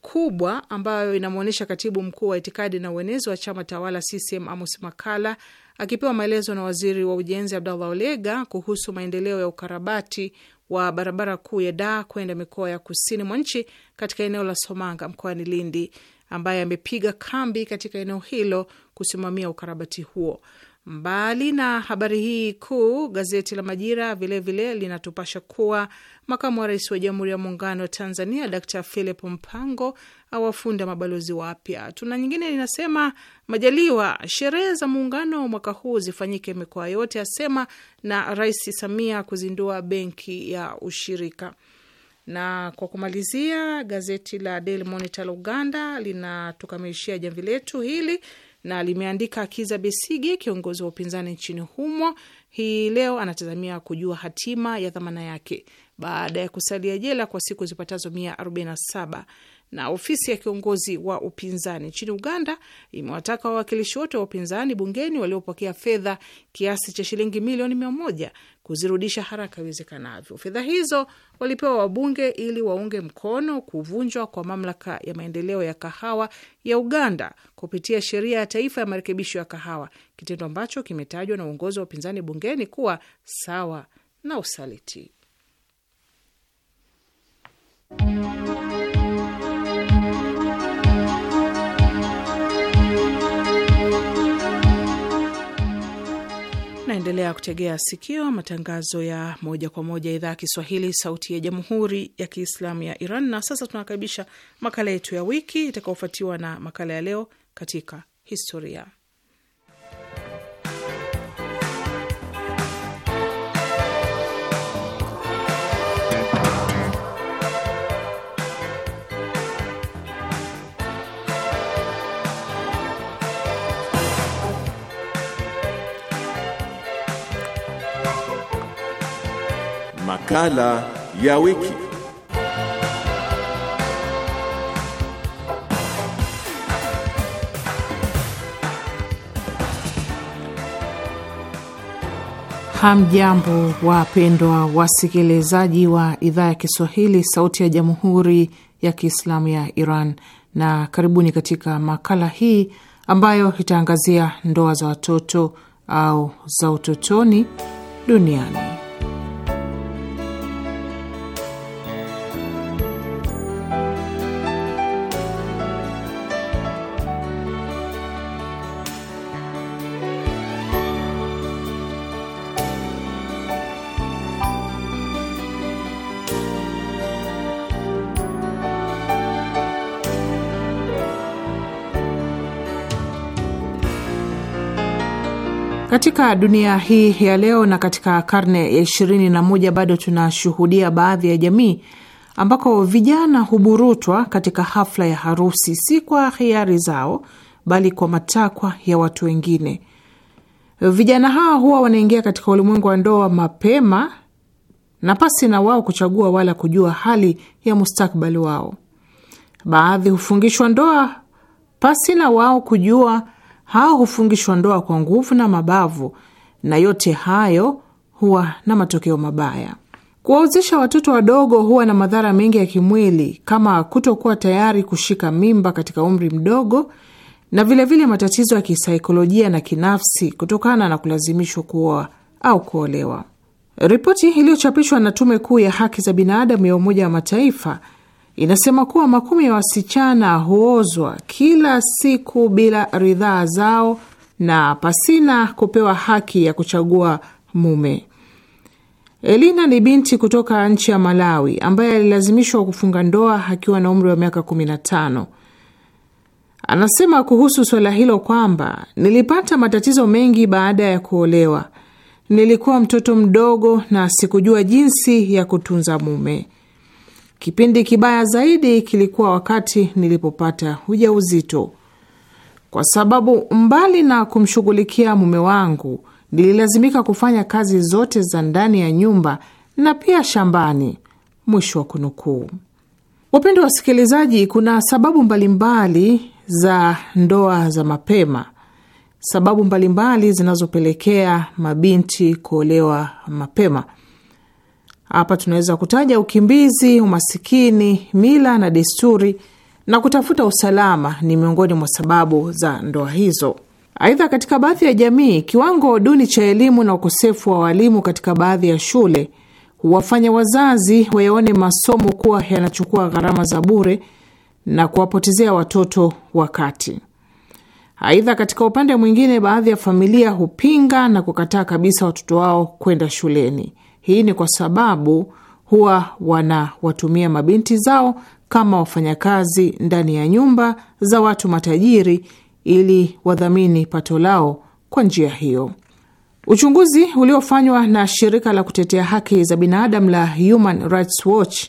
kubwa ambayo inamwonyesha katibu mkuu wa itikadi na uenezi wa chama tawala CCM Amos Makala akipewa maelezo na waziri wa ujenzi Abdallah Olega kuhusu maendeleo ya ukarabati wa barabara kuu ya da kwenda mikoa ya kusini mwa nchi katika eneo la Somanga mkoani Lindi, ambaye amepiga kambi katika eneo hilo kusimamia ukarabati huo. Mbali na habari hii kuu, gazeti la Majira vilevile vile linatupasha kuwa makamu wa rais wa Jamhuri ya Muungano wa Tanzania d Philip Mpango awafunda mabalozi wapya. Tuna nyingine linasema Majaliwa, sherehe za muungano mwaka huu zifanyike mikoa yote, asema na Rais Samia kuzindua benki ya ushirika. Na kwa kumalizia, gazeti la Daily Monitor la Uganda linatukamilishia jamvi letu hili na limeandika Kiza Besigi, kiongozi wa upinzani nchini humo, hii leo anatazamia kujua hatima ya dhamana yake baada ya kusalia jela kwa siku zipatazo mia arobaini na saba. Na ofisi ya kiongozi wa upinzani nchini Uganda imewataka wawakilishi wote wa upinzani bungeni waliopokea fedha kiasi cha shilingi milioni mia moja kuzirudisha haraka iwezekanavyo. Fedha hizo walipewa wabunge ili waunge mkono kuvunjwa kwa mamlaka ya maendeleo ya kahawa ya Uganda kupitia sheria ya taifa ya marekebisho ya kahawa, kitendo ambacho kimetajwa na uongozi wa upinzani bungeni kuwa sawa na usaliti. Naendelea kutegea sikio matangazo ya moja kwa moja idhaa ya Kiswahili, sauti ya jamhuri ya kiislamu ya Iran. Na sasa tunakaribisha makala yetu ya wiki itakaofuatiwa na makala ya leo katika historia. makala ya wiki. Hamjambo, wapendwa wasikilizaji wa idhaa ya Kiswahili, Sauti ya Jamhuri ya Kiislamu ya Iran, na karibuni katika makala hii ambayo itaangazia ndoa za watoto au za utotoni duniani. Katika dunia hii ya leo na katika karne ya ishirini na moja bado tunashuhudia baadhi ya jamii ambako vijana huburutwa katika hafla ya harusi, si kwa hiari zao, bali kwa matakwa ya watu wengine. Vijana hawa huwa wanaingia katika ulimwengu wa ndoa mapema na pasi na wao kuchagua wala kujua hali ya mustakbali wao. Baadhi hufungishwa ndoa pasi na wao kujua hao hufungishwa ndoa kwa nguvu na mabavu, na yote hayo huwa na matokeo mabaya. Kuwaozesha watoto wadogo huwa na madhara mengi ya kimwili kama kutokuwa tayari kushika mimba katika umri mdogo, na vilevile vile matatizo ya kisaikolojia na kinafsi kutokana na kulazimishwa kuoa au kuolewa. Ripoti iliyochapishwa na Tume Kuu ya Haki za Binadamu ya Umoja wa Mataifa inasema kuwa makumi ya wasichana huozwa kila siku bila ridhaa zao na pasina kupewa haki ya kuchagua mume. Elina ni binti kutoka nchi ya Malawi ambaye alilazimishwa kufunga ndoa akiwa na umri wa miaka 15. Anasema kuhusu suala hilo kwamba nilipata matatizo mengi baada ya kuolewa. Nilikuwa mtoto mdogo na sikujua jinsi ya kutunza mume. Kipindi kibaya zaidi kilikuwa wakati nilipopata ujauzito, kwa sababu mbali na kumshughulikia mume wangu, nililazimika kufanya kazi zote za ndani ya nyumba na pia shambani. Mwisho wa kunukuu. Wapendwa wasikilizaji, kuna sababu mbalimbali mbali za ndoa za mapema, sababu mbalimbali zinazopelekea mabinti kuolewa mapema. Hapa tunaweza kutaja ukimbizi, umasikini, mila na desturi na kutafuta usalama ni miongoni mwa sababu za ndoa hizo. Aidha, katika baadhi ya jamii, kiwango duni cha elimu na ukosefu wa walimu katika baadhi ya shule huwafanya wazazi wayaone masomo kuwa yanachukua gharama za bure na kuwapotezea watoto wakati. Aidha, katika upande mwingine, baadhi ya familia hupinga na kukataa kabisa watoto wao kwenda shuleni. Hii ni kwa sababu huwa wanawatumia mabinti zao kama wafanyakazi ndani ya nyumba za watu matajiri ili wadhamini pato lao kwa njia hiyo. Uchunguzi uliofanywa na shirika la kutetea haki za binadamu la Human Rights Watch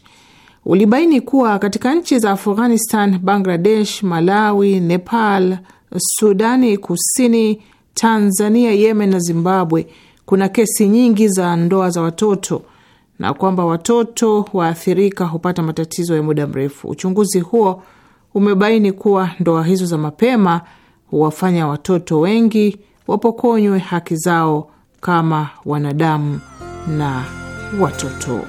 ulibaini kuwa katika nchi za Afghanistan, Bangladesh, Malawi, Nepal, Sudani Kusini, Tanzania, Yemen na Zimbabwe kuna kesi nyingi za ndoa za watoto na kwamba watoto waathirika hupata matatizo ya muda mrefu. Uchunguzi huo umebaini kuwa ndoa hizo za mapema huwafanya watoto wengi wapokonywe haki zao kama wanadamu na watoto.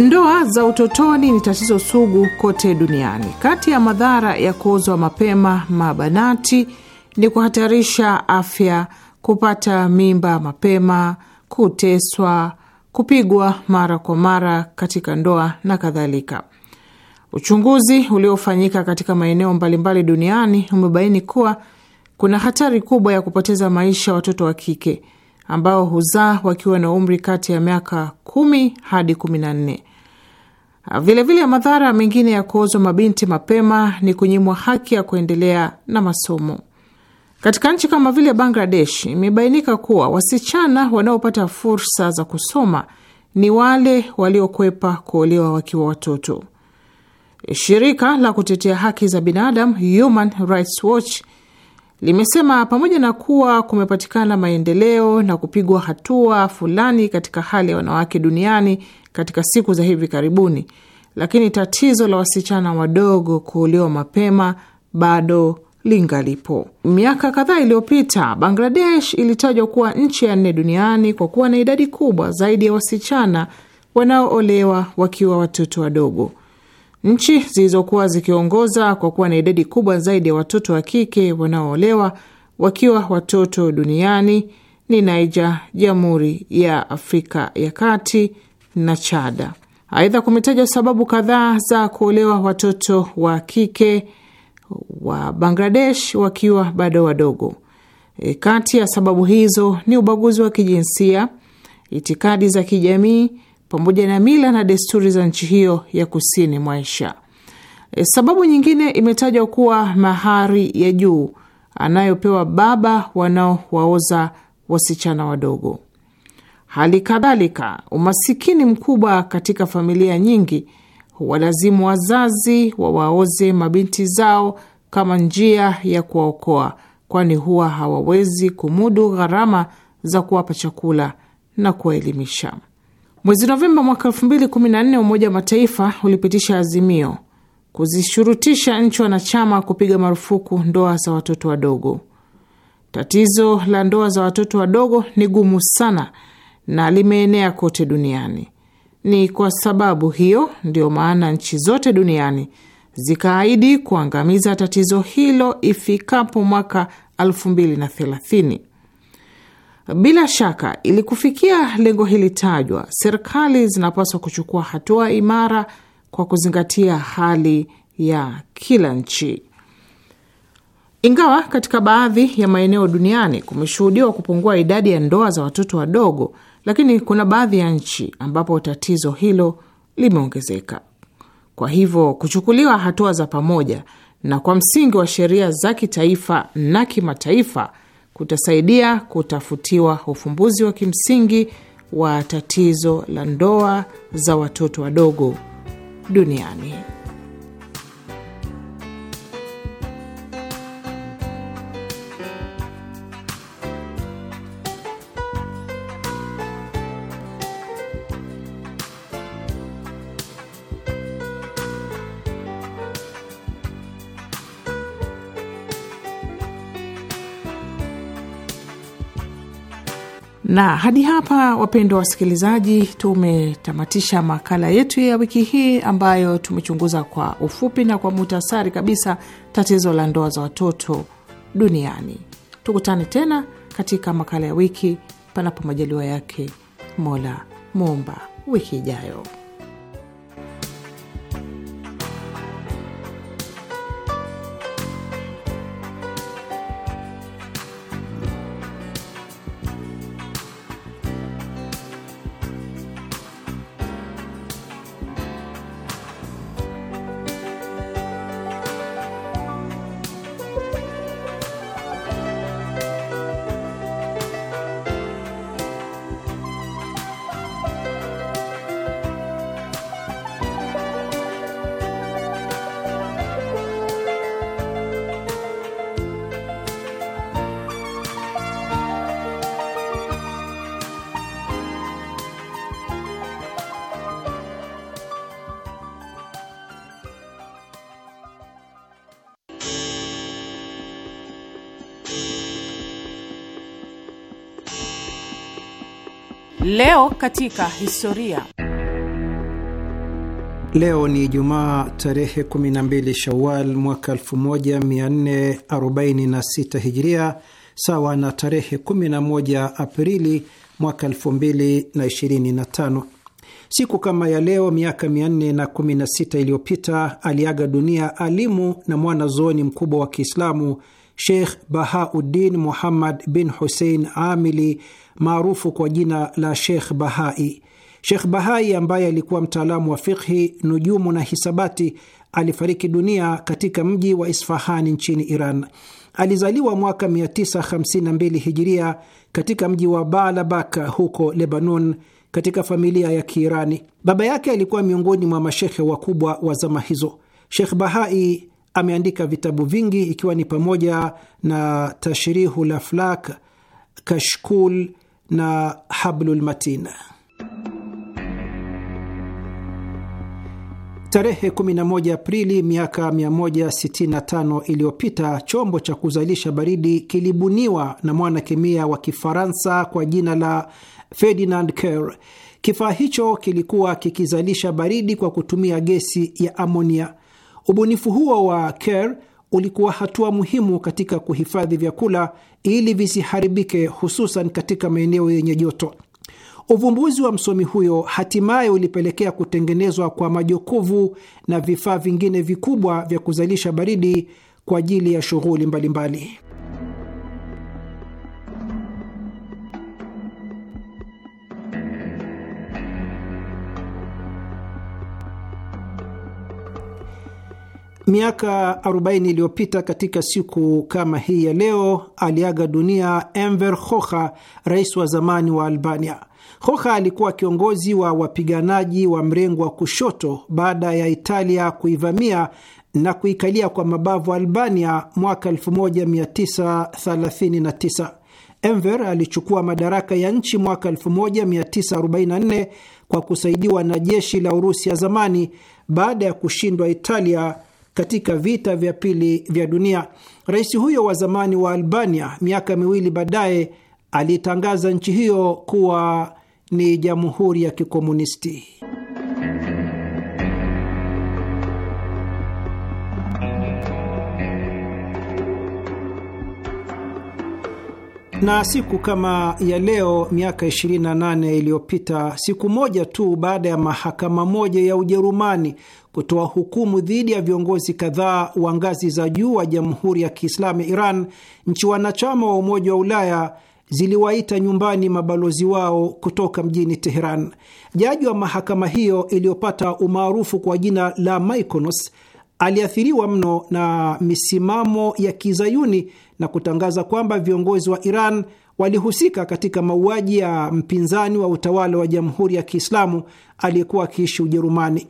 Ndoa za utotoni ni tatizo sugu kote duniani. Kati ya madhara ya kuozwa mapema mabanati ni kuhatarisha afya, kupata mimba mapema, kuteswa, kupigwa mara kwa mara katika ndoa na kadhalika. Uchunguzi uliofanyika katika maeneo mbalimbali duniani umebaini kuwa kuna hatari kubwa ya kupoteza maisha watoto wa kike ambao huzaa wakiwa na umri kati ya miaka kumi hadi kumi na nne. Vilevile, madhara mengine ya kuozwa mabinti mapema ni kunyimwa haki ya kuendelea na masomo. Katika nchi kama vile Bangladesh imebainika kuwa wasichana wanaopata fursa za kusoma ni wale waliokwepa kuolewa wakiwa watoto. Shirika la kutetea haki za binadamu Human Rights Watch limesema pamoja na kuwa kumepatikana maendeleo na kupigwa hatua fulani katika hali ya wanawake duniani katika siku za hivi karibuni, lakini tatizo la wasichana wadogo kuolewa mapema bado lingalipo. Miaka kadhaa iliyopita, Bangladesh ilitajwa kuwa nchi ya nne duniani kwa kuwa na idadi kubwa zaidi ya wasichana wanaoolewa wakiwa watoto wadogo. Nchi zilizokuwa zikiongoza kwa kuwa na idadi kubwa zaidi ya watoto wa kike wanaoolewa wakiwa watoto duniani ni Niger, Jamhuri ya Afrika ya Kati na Chada. Aidha, kumetajwa sababu kadhaa za kuolewa watoto wa kike wa Bangladesh wakiwa bado wadogo. E, kati ya sababu hizo ni ubaguzi wa kijinsia, itikadi za kijamii pamoja na mila na desturi za nchi hiyo ya kusini mwa Asia. E, sababu nyingine imetajwa kuwa mahari ya juu anayopewa baba wanaowaoza wasichana wadogo. Hali kadhalika umasikini mkubwa katika familia nyingi huwalazimu wazazi wawaoze mabinti zao kama njia ya kuwaokoa, kwani huwa hawawezi kumudu gharama za kuwapa chakula na kuwaelimisha. Mwezi Novemba mwaka 2014 Umoja wa Mataifa ulipitisha azimio kuzishurutisha nchi wanachama kupiga marufuku ndoa za watoto wadogo. Tatizo la ndoa za watoto wadogo ni gumu sana na limeenea kote duniani. Ni kwa sababu hiyo ndiyo maana nchi zote duniani zikaahidi kuangamiza tatizo hilo ifikapo mwaka 2030. Bila shaka, ili kufikia lengo hili tajwa, serikali zinapaswa kuchukua hatua imara kwa kuzingatia hali ya kila nchi. Ingawa katika baadhi ya maeneo duniani kumeshuhudiwa kupungua idadi ya ndoa za watoto wadogo, lakini kuna baadhi ya nchi ambapo tatizo hilo limeongezeka. Kwa hivyo kuchukuliwa hatua za pamoja na kwa msingi wa sheria za kitaifa na kimataifa kutasaidia kutafutiwa ufumbuzi wa kimsingi wa tatizo la ndoa za watoto wadogo duniani. na hadi hapa, wapendwa wasikilizaji, tumetamatisha makala yetu ya wiki hii ambayo tumechunguza kwa ufupi na kwa muhtasari kabisa tatizo la ndoa za watoto duniani. Tukutane tena katika makala ya wiki, panapo majaliwa yake Mola Muumba, wiki ijayo. katika historia. Leo ni Ijumaa tarehe 12 Shawal mwaka 1446 Hijiria, sawa na tarehe 11 Aprili mwaka 2025. Siku kama ya leo miaka 416 iliyopita aliaga dunia alimu na mwanazuoni mkubwa wa Kiislamu Sheikh Bahauddin Muhammad bin Hussein Amili maarufu kwa jina la Sheikh Bahai. Sheikh Bahai ambaye alikuwa mtaalamu wa fikhi, nujumu na hisabati alifariki dunia katika mji wa Isfahani nchini Iran. Alizaliwa mwaka 952 hijiria katika mji wa Baalabak huko Lebanon, katika familia ya Kiirani. Baba yake alikuwa miongoni mwa mashekhe wakubwa wa zama hizo. Sheikh Bahai Ameandika vitabu vingi ikiwa ni pamoja na Tashrihu Laflak, Kashkul na Hablulmatin. Tarehe 11 Aprili miaka 165 iliyopita chombo cha kuzalisha baridi kilibuniwa na mwanakemia wa Kifaransa kwa jina la Ferdinand Care. Kifaa hicho kilikuwa kikizalisha baridi kwa kutumia gesi ya amonia. Ubunifu huo wa Kerr ulikuwa hatua muhimu katika kuhifadhi vyakula ili visiharibike, hususan katika maeneo yenye joto. Uvumbuzi wa msomi huyo hatimaye ulipelekea kutengenezwa kwa majokovu na vifaa vingine vikubwa vya kuzalisha baridi kwa ajili ya shughuli mbalimbali. Miaka 40 iliyopita katika siku kama hii ya leo aliaga dunia Enver Hoxha, rais wa zamani wa Albania. Hoxha alikuwa kiongozi wa wapiganaji wa mrengo wa kushoto baada ya Italia kuivamia na kuikalia kwa mabavu Albania mwaka 1939. Enver alichukua madaraka ya nchi mwaka 1944 kwa kusaidiwa na jeshi la Urusi ya zamani baada ya kushindwa Italia katika vita vya pili vya dunia. Rais huyo wa zamani wa Albania miaka miwili baadaye alitangaza nchi hiyo kuwa ni jamhuri ya kikomunisti. Na siku kama ya leo miaka 28 iliyopita, siku moja tu baada ya mahakama moja ya Ujerumani kutoa hukumu dhidi ya viongozi kadhaa wa ngazi za juu wa Jamhuri ya Kiislamu ya Iran, nchi wanachama wa Umoja wa Ulaya ziliwaita nyumbani mabalozi wao kutoka mjini Teheran. Jaji wa mahakama hiyo iliyopata umaarufu kwa jina la Mykonos aliathiriwa mno na misimamo ya kizayuni na kutangaza kwamba viongozi wa Iran walihusika katika mauaji ya mpinzani wa utawala wa Jamhuri ya Kiislamu aliyekuwa akiishi Ujerumani.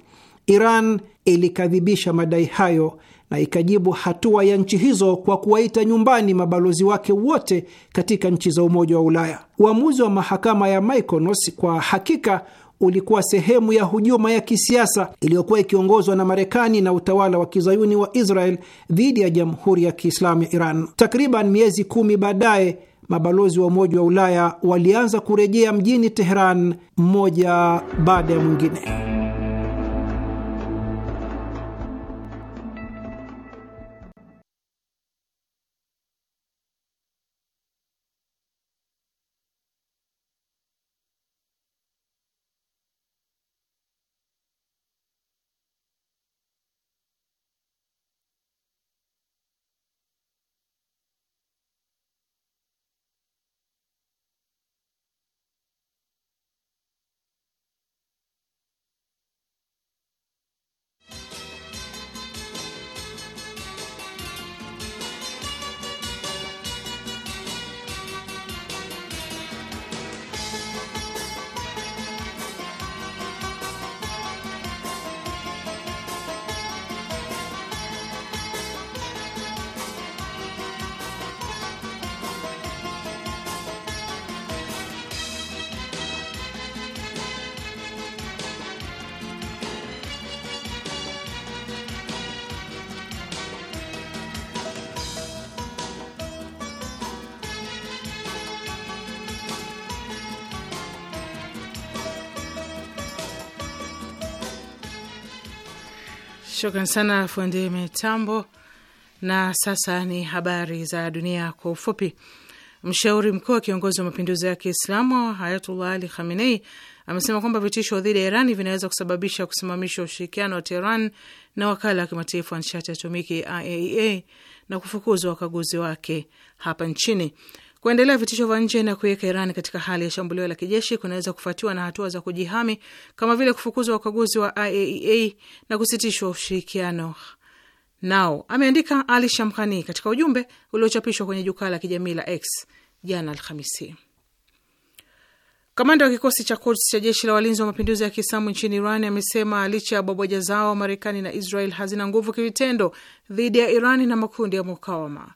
Iran ilikadhibisha madai hayo na ikajibu hatua ya nchi hizo kwa kuwaita nyumbani mabalozi wake wote katika nchi za Umoja wa Ulaya. Uamuzi wa mahakama ya Mykonos kwa hakika ulikuwa sehemu ya hujuma ya kisiasa iliyokuwa ikiongozwa na Marekani na utawala wa kizayuni wa Israel dhidi ya Jamhuri ya Kiislamu ya Iran. Takriban miezi kumi baadaye, mabalozi wa Umoja wa Ulaya walianza kurejea mjini Teheran mmoja baada ya mwingine. Shukran sana fundi mitambo. Na sasa ni habari za dunia kwa ufupi. Mshauri mkuu wa kiongozi wa mapinduzi ya Kiislamu Hayatullah Ali Khamenei amesema kwamba vitisho dhidi ya Irani vinaweza kusababisha kusimamisha ushirikiano wa Teheran na wakala wa kimataifa wa nishati ya atomiki IAEA e, na kufukuzwa wakaguzi wake hapa nchini. Kuendelea vitisho vya nje na kuiweka Iran katika hali ya shambulio la kijeshi kunaweza kufuatiwa na hatua za kujihami kama vile kufukuzwa wakaguzi wa IAEA e na kusitishwa ushirikiano nao, ameandika Ali Shamkhani katika ujumbe uliochapishwa kwenye jukwaa la kijamii la X jana Alhamisi. Kamanda wa kikosi cha Quds cha jeshi la walinzi wa mapinduzi ya Kiislamu nchini Iran amesema licha ya boboja zao Marekani na Israel hazina nguvu kivitendo dhidi ya Iran na makundi ya mukawama.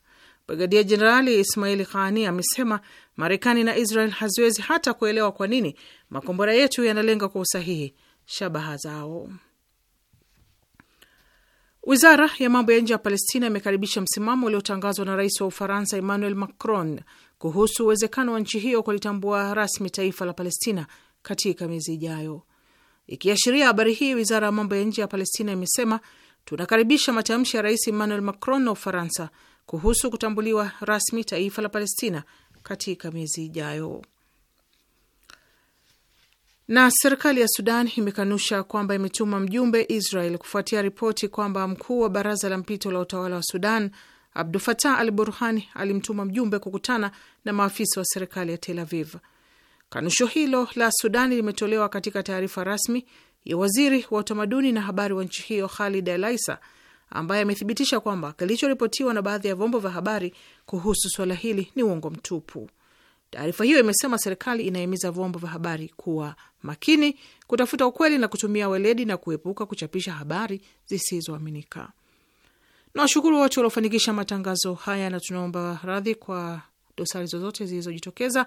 Brigadia Jenerali Ismaili Khani amesema Marekani na Israel haziwezi hata kuelewa kwa nini makombora yetu yanalenga kwa usahihi shabaha zao. Wizara ya mambo ya nje ya Palestina imekaribisha msimamo uliotangazwa na rais wa Ufaransa Emmanuel Macron kuhusu uwezekano wa nchi hiyo kulitambua rasmi taifa la Palestina katika miezi ijayo. Ikiashiria habari hii, wizara ya mambo ya nje ya Palestina imesema tunakaribisha matamshi ya rais Emmanuel Macron wa Ufaransa kuhusu kutambuliwa rasmi taifa la Palestina katika miezi ijayo. Na serikali ya Sudan imekanusha kwamba imetuma mjumbe Israel kufuatia ripoti kwamba mkuu wa baraza la mpito la utawala wa Sudan abdu Fatah al Burhani alimtuma mjumbe kukutana na maafisa wa serikali ya Tel Aviv. Kanusho hilo la Sudani limetolewa katika taarifa rasmi ya waziri wa utamaduni na habari wa nchi hiyo Khalid Alaisa ambaye amethibitisha kwamba kilichoripotiwa na baadhi ya vyombo vya habari kuhusu suala hili ni uongo mtupu. Taarifa hiyo imesema serikali inahimiza vyombo vya habari kuwa makini, kutafuta ukweli na kutumia weledi na kuepuka kuchapisha habari zisizoaminika. Nawashukuru wote waliofanikisha matangazo haya na tunaomba radhi kwa dosari zozote zilizojitokeza.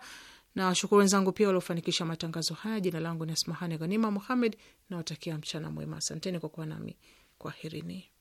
Nawashukuru wenzangu pia waliofanikisha matangazo haya. Jina langu ni Asmahani Ghanima Muhamed, nawatakia mchana mwema. Asanteni kwa kuwa nami, kwaherini.